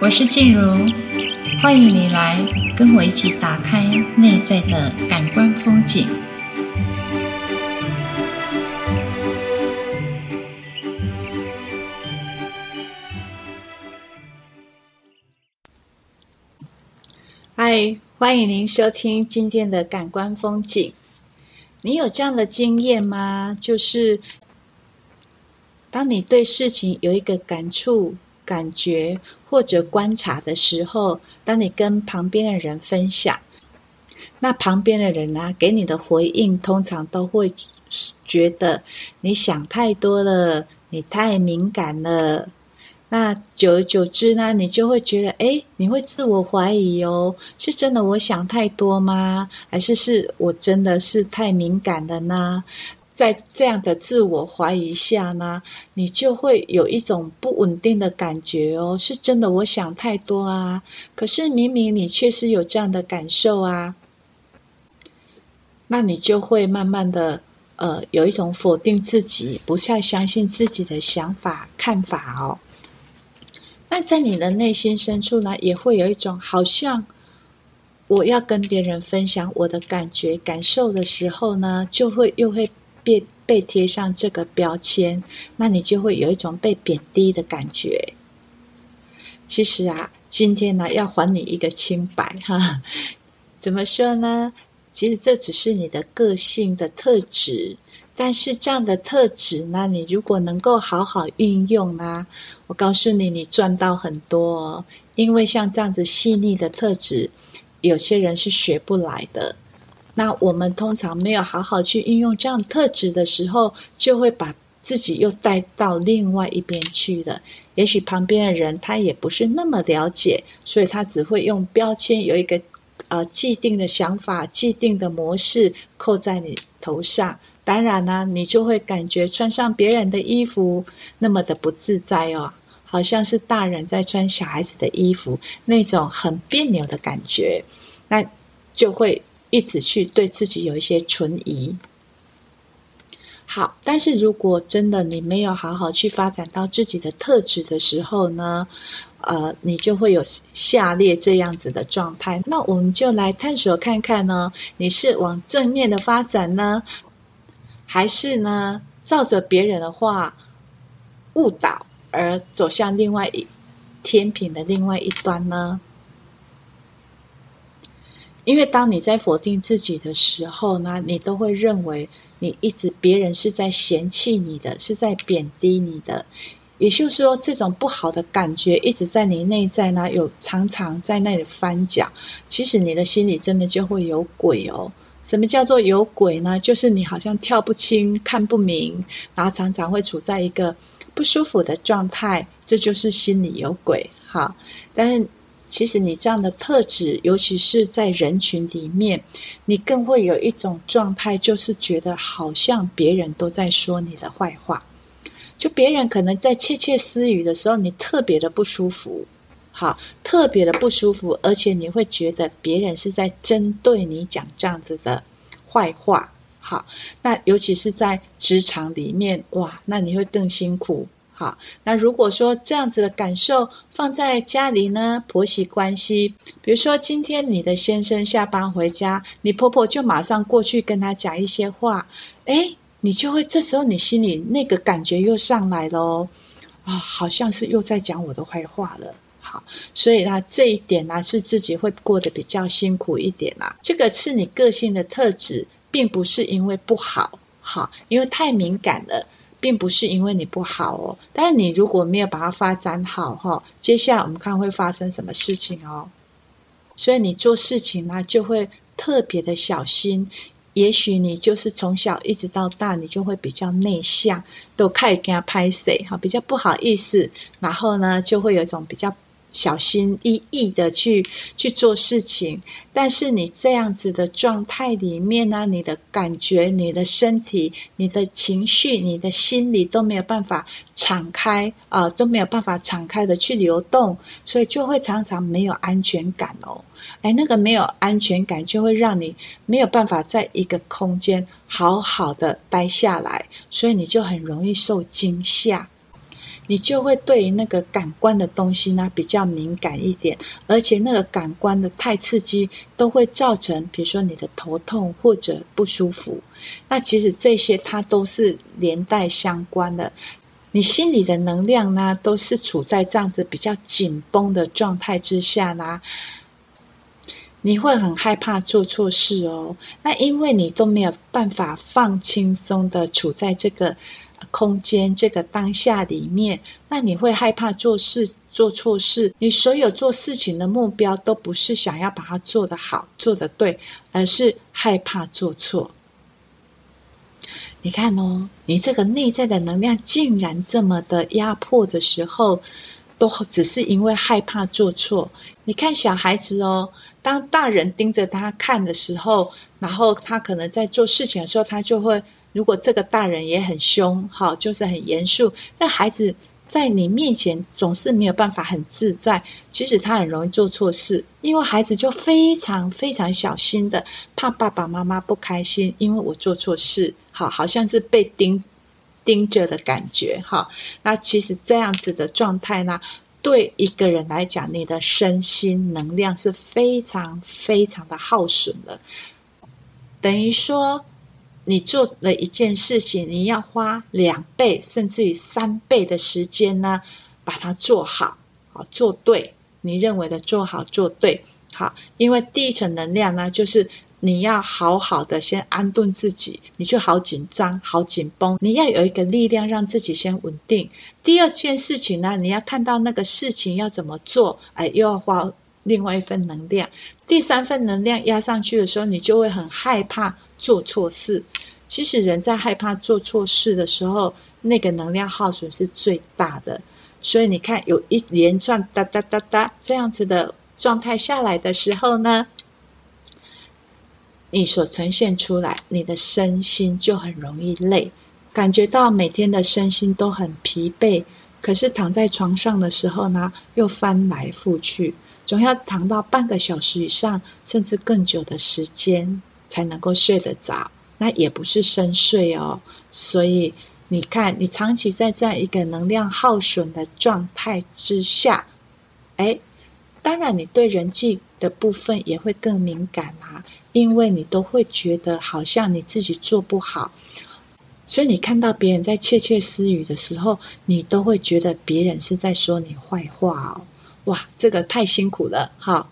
我是靜茹，歡迎你來跟我一起打開內在的感官風景。嗨，歡迎您收聽今天的感官風景。你有這樣的經驗嗎？就是當你對事情有一個感觸。感覺或者觀察的時候，當你跟旁邊的人分享，那旁邊的人呢、啊、給你的回應，通常都會覺得你想太多了，你太敏感了。那久而久之呢，你就會覺得，哎，你會自我懷疑哦，是真的我想太多嗎？還是是我真的是太敏感了呢？在這樣的自我懷疑下呢，你就會有一種不穩定的感覺哦。是真的，我想太多啊。可是明明你確實有這樣的感受啊，那你就會慢慢的，呃，有一種否定自己，不再相信自己的想法、看法哦。那在你的內心深處呢，也會有一種好像我要跟別人分享我的感覺、感受的時候呢，就會又會。被被貼上這個標籤，那你就會有一種被貶低的感覺。其實啊，今天呢、啊，要還你一個清白哈。怎麼說呢？其實這只是你的個性的特質，但是這樣的特質呢，你如果能夠好好運用呢、啊，我告訴你，你賺到很多哦。因為像這樣子細膩的特質，有些人是學不來的。那我們通常沒有好好去運用這樣特質的時候，就會把自己又帶到另外一邊去了。也許旁邊的人他也不是那麼了解，所以他只會用標籤有一個呃既定的想法，既定的模式扣在你頭上。當然呢、啊，你就會感覺穿上別人的衣服那麼的不自在哦，好像是大人在穿小孩子的衣服那種很彆扭的感覺，那就會，一直去對自己有一些存疑，好，但是如果真的你沒有好好去發展到自己的特質的時候呢，呃，你就會有下列這樣子的狀態。那我們就來探索看看呢，你是往正面的發展呢，還是呢照着別人的話誤導而走向另外一天平的另外一端呢？因為當你在否定自己的時候呢，你都會認為你一直別人是在嫌棄你的，是在貶低你的。也就是說，這種不好的感覺一直在你內在呢，有常常在那裡翻攪。其實，你的心裡真的就會有鬼哦。什麼叫做有鬼呢？就是你好像跳不清、看不明，然後常常會處在一個不舒服的狀態。這就是心裡有鬼哈。但是。其實你這樣的特質，尤其是在人群裡面，你更會有一種狀態，就是覺得好像別人都在說你的壞話。就別人可能在竊竊私語的時候，你特別的不舒服，好，特別的不舒服，而且你會覺得別人是在針對你講這樣子的壞話。好，那尤其是在職場裡面，哇，那你會更辛苦。好，那如果說這樣子的感受放在家裡呢？婆媳關係，比如說今天你的先生下班回家，你婆婆就馬上過去跟他講一些話，哎，你就會這時候你心裡那個感覺又上來咯、哦。啊、哦，好像是又在講我的壞話了。好，所以呢，這一點呢、啊、是自己會過得比較辛苦一點啦、啊。這個是你個性的特質，並不是因為不好，好，因為太敏感了。並不是因為你不好哦，但是你如果沒有把它發展好哈、哦，接下來我們看會發生什麼事情哦。所以你做事情呢、啊、就會特別的小心，也許你就是從小一直到大，你就會比較內向，都開始跟他拍誰哈，比較不好意思，然後呢就會有一種比較，小心翼翼的去去做事情，但是你這樣子的狀態裡面呢，你的感覺、你的身體、你的情緒、你的心裡都沒有辦法敞開啊，都沒有辦法敞開的去流動，所以就會常常沒有安全感哦。哎，那個沒有安全感就會讓你沒有辦法在一個空間好好的待下來，所以你就很容易受驚嚇。你就會對那個感官的東西呢比較敏感一點，而且那個感官的太刺激，都會造成，比如說你的頭痛或者不舒服。那其實這些它都是連帶相關的。你心裡的能量呢，都是處在這樣子比較緊繃的狀態之下呢，你會很害怕做錯事哦。那因為你都沒有辦法放輕鬆的處在這個。空間這個當下裡面，那你會害怕做事做錯事，你所有做事情的目標都不是想要把它做得好、做得對，而是害怕做錯。你看哦，你這個內在的能量竟然這麼的壓迫的時候，都只是因為害怕做錯。你看小孩子哦，當大人盯着他看的時候，然後他可能在做事情的時候，他就會。如果這個大人也很兇，好，就是很嚴肅，那孩子在你面前總是沒有辦法很自在。其實他很容易做錯事，因為孩子就非常非常小心的，怕爸爸媽媽不開心，因為我做錯事，好，好像是被盯盯着的感覺，哈。那其實這樣子的狀態呢，對一個人來講，你的身心能量是非常非常的耗損的，等於說。你做了一件事情，你要花兩倍甚至於三倍的時間呢，把它做好，好做對。你認為的做好做對，好，因為第一層能量呢，就是你要好好的先安頓自己，你就好緊張、好緊繃，你要有一個力量讓自己先穩定。第二件事情呢，你要看到那個事情要怎麼做，哎、呃，又要花另外一份能量。第三份能量壓上去的時候，你就會很害怕做錯事。其實人在害怕做錯事的時候，那個能量耗損是最大的。所以你看，有一連串噠噠噠噠這樣子的狀態下來的時候呢，你所呈現出來，你的身心就很容易累，感覺到每天的身心都很疲憊。可是躺在床上的時候呢，又翻來覆去。總要躺到半個小時以上，甚至更久的時間才能夠睡得着，那也不是深睡哦。所以你看，你長期在這樣一個能量耗損的狀態之下，哎、欸，當然你對人際的部分也會更敏感啊，因為你都會覺得好像你自己做不好，所以你看到別人在竊竊私語的時候，你都會覺得別人是在說你壞話哦。哇，這個太辛苦了，哈。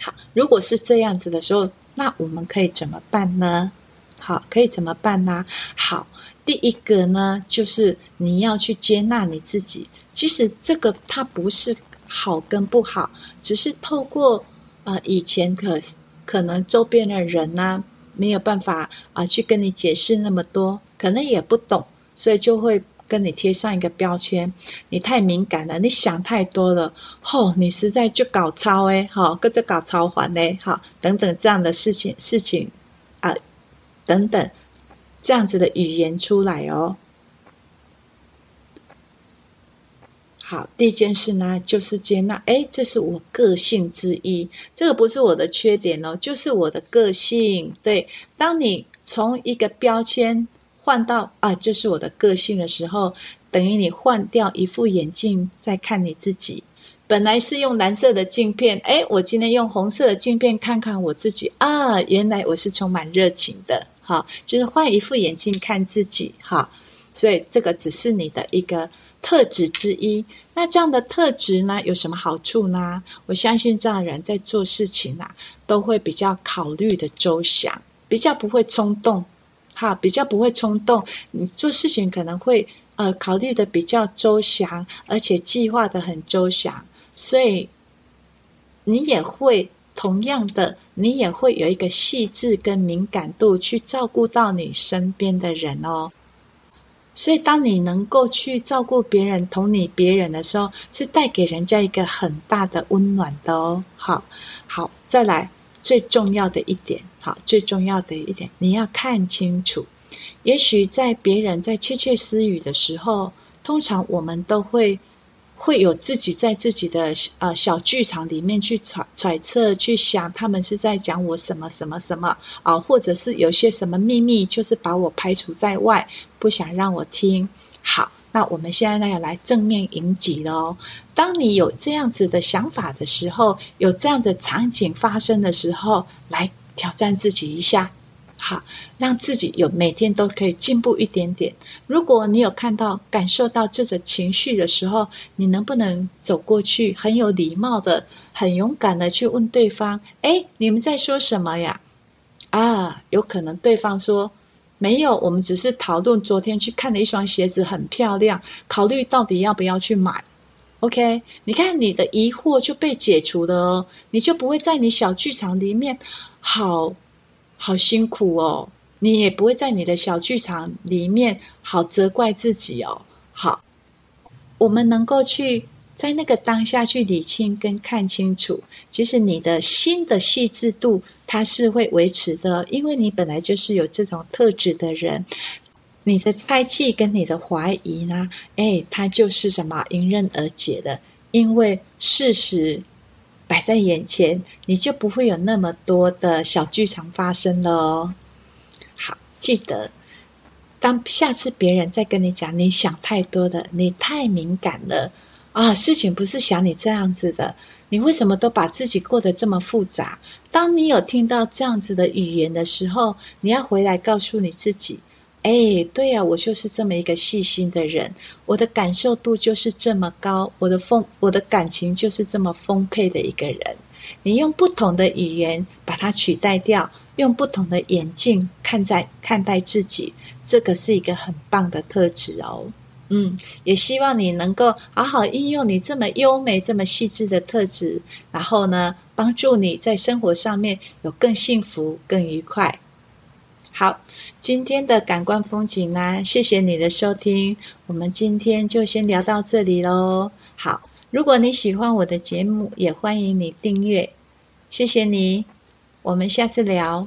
好，如果是這樣子的時候，那我們可以怎麼辦呢？好，可以怎麼辦呢？好，第一個呢，就是你要去接納你自己。其實這個它不是好跟不好，只是透過呃以前可可能周邊的人呢，啊，沒有辦法啊，呃，去跟你解釋那麼多，可能也不懂，所以就會。跟你貼上一個標籤，你太敏感了，你想太多了，吼、哦，你實在就搞超哎，哈、哦，跟着搞超環呢？哈、哦，等等這樣的事情事情啊，等等這樣子的語言出來哦。好，第一件事呢，就是接納，哎，這是我個性之一，這個不是我的缺點哦，就是我的個性。對，當你從一個標籤。換到啊，這、就是我的個性的時候，等於你換掉一副眼鏡再看你自己。本來是用藍色的鏡片，哎、欸，我今天用紅色的鏡片看看我自己啊，原來我是充滿熱情的。好，就是換一副眼鏡看自己。好，所以這個只是你的一個特質之一。那這樣的特質呢，有什麼好處呢？我相信這樣的人在做事情啊，都會比較考慮的周詳，比較不會衝動。好，比較不會衝動，你做事情可能會呃考慮的比較周詳，而且計劃的很周詳，所以你也會同樣的，你也會有一個細緻跟敏感度去照顧到你身邊的人哦。所以，當你能夠去照顧別人、同理別人的時候，是帶給人家一個很大的溫暖的哦。好，好，再來。最重要的一點，好，最重要的一點，你要看清楚。也許在別人在竊竊私語的時候，通常我們都會會有自己在自己的小呃小劇場裡面去揣揣測、去想，他們是在講我什麼什麼什麼啊、呃，或者是有些什麼秘密，就是把我排除在外，不想讓我聽。好。那我們現在呢，要來正面迎擊咯。當你有這樣子的想法的時候，有這樣的場景發生的時候，來挑戰自己一下，好，讓自己有每天都可以進步一點點。如果你有看到、感受到這個情緒的時候，你能不能走過去，很有禮貌的、很勇敢的去問對方：“哎，你們在說什麼呀？”啊，有可能對方說。沒有，我們只是討論昨天去看了一雙鞋子很漂亮，考慮到底要不要去買。OK，你看你的疑惑就被解除了哦，你就不會在你小劇場裡面好好辛苦哦，你也不會在你的小劇場裡面好責怪自己哦。好，我們能夠去。在那個當下去理清跟看清楚，其實你的心的細緻度它是會維持的，因為你本來就是有這種特質的人，你的猜忌跟你的懷疑呢，哎，它就是什麼迎刃而解的，因為事實擺在眼前，你就不會有那麼多的小劇場發生了哦。好，記得當下次別人再跟你講，你想太多了，你太敏感了。啊，事情不是想你這樣子的，你為什麼都把自己過得這麼複雜？當你有聽到這樣子的語言的時候，你要回來告訴你自己：哎、欸，對呀、啊，我就是這麼一個細心的人，我的感受度就是這麼高，我的豐，我的感情就是這麼豐沛的一個人。你用不同的語言把它取代掉，用不同的眼鏡看待看待自己，這個是一個很棒的特質哦。嗯，也希望你能夠好好應用你這麼優美、這麼細緻的特質，然後呢，幫助你在生活上面有更幸福、更愉快。好，今天的感官風景呢、啊，謝謝你的收聽，我們今天就先聊到這裡嘍。好，如果你喜歡我的節目，也歡迎你訂閱，謝謝你，我們下次聊。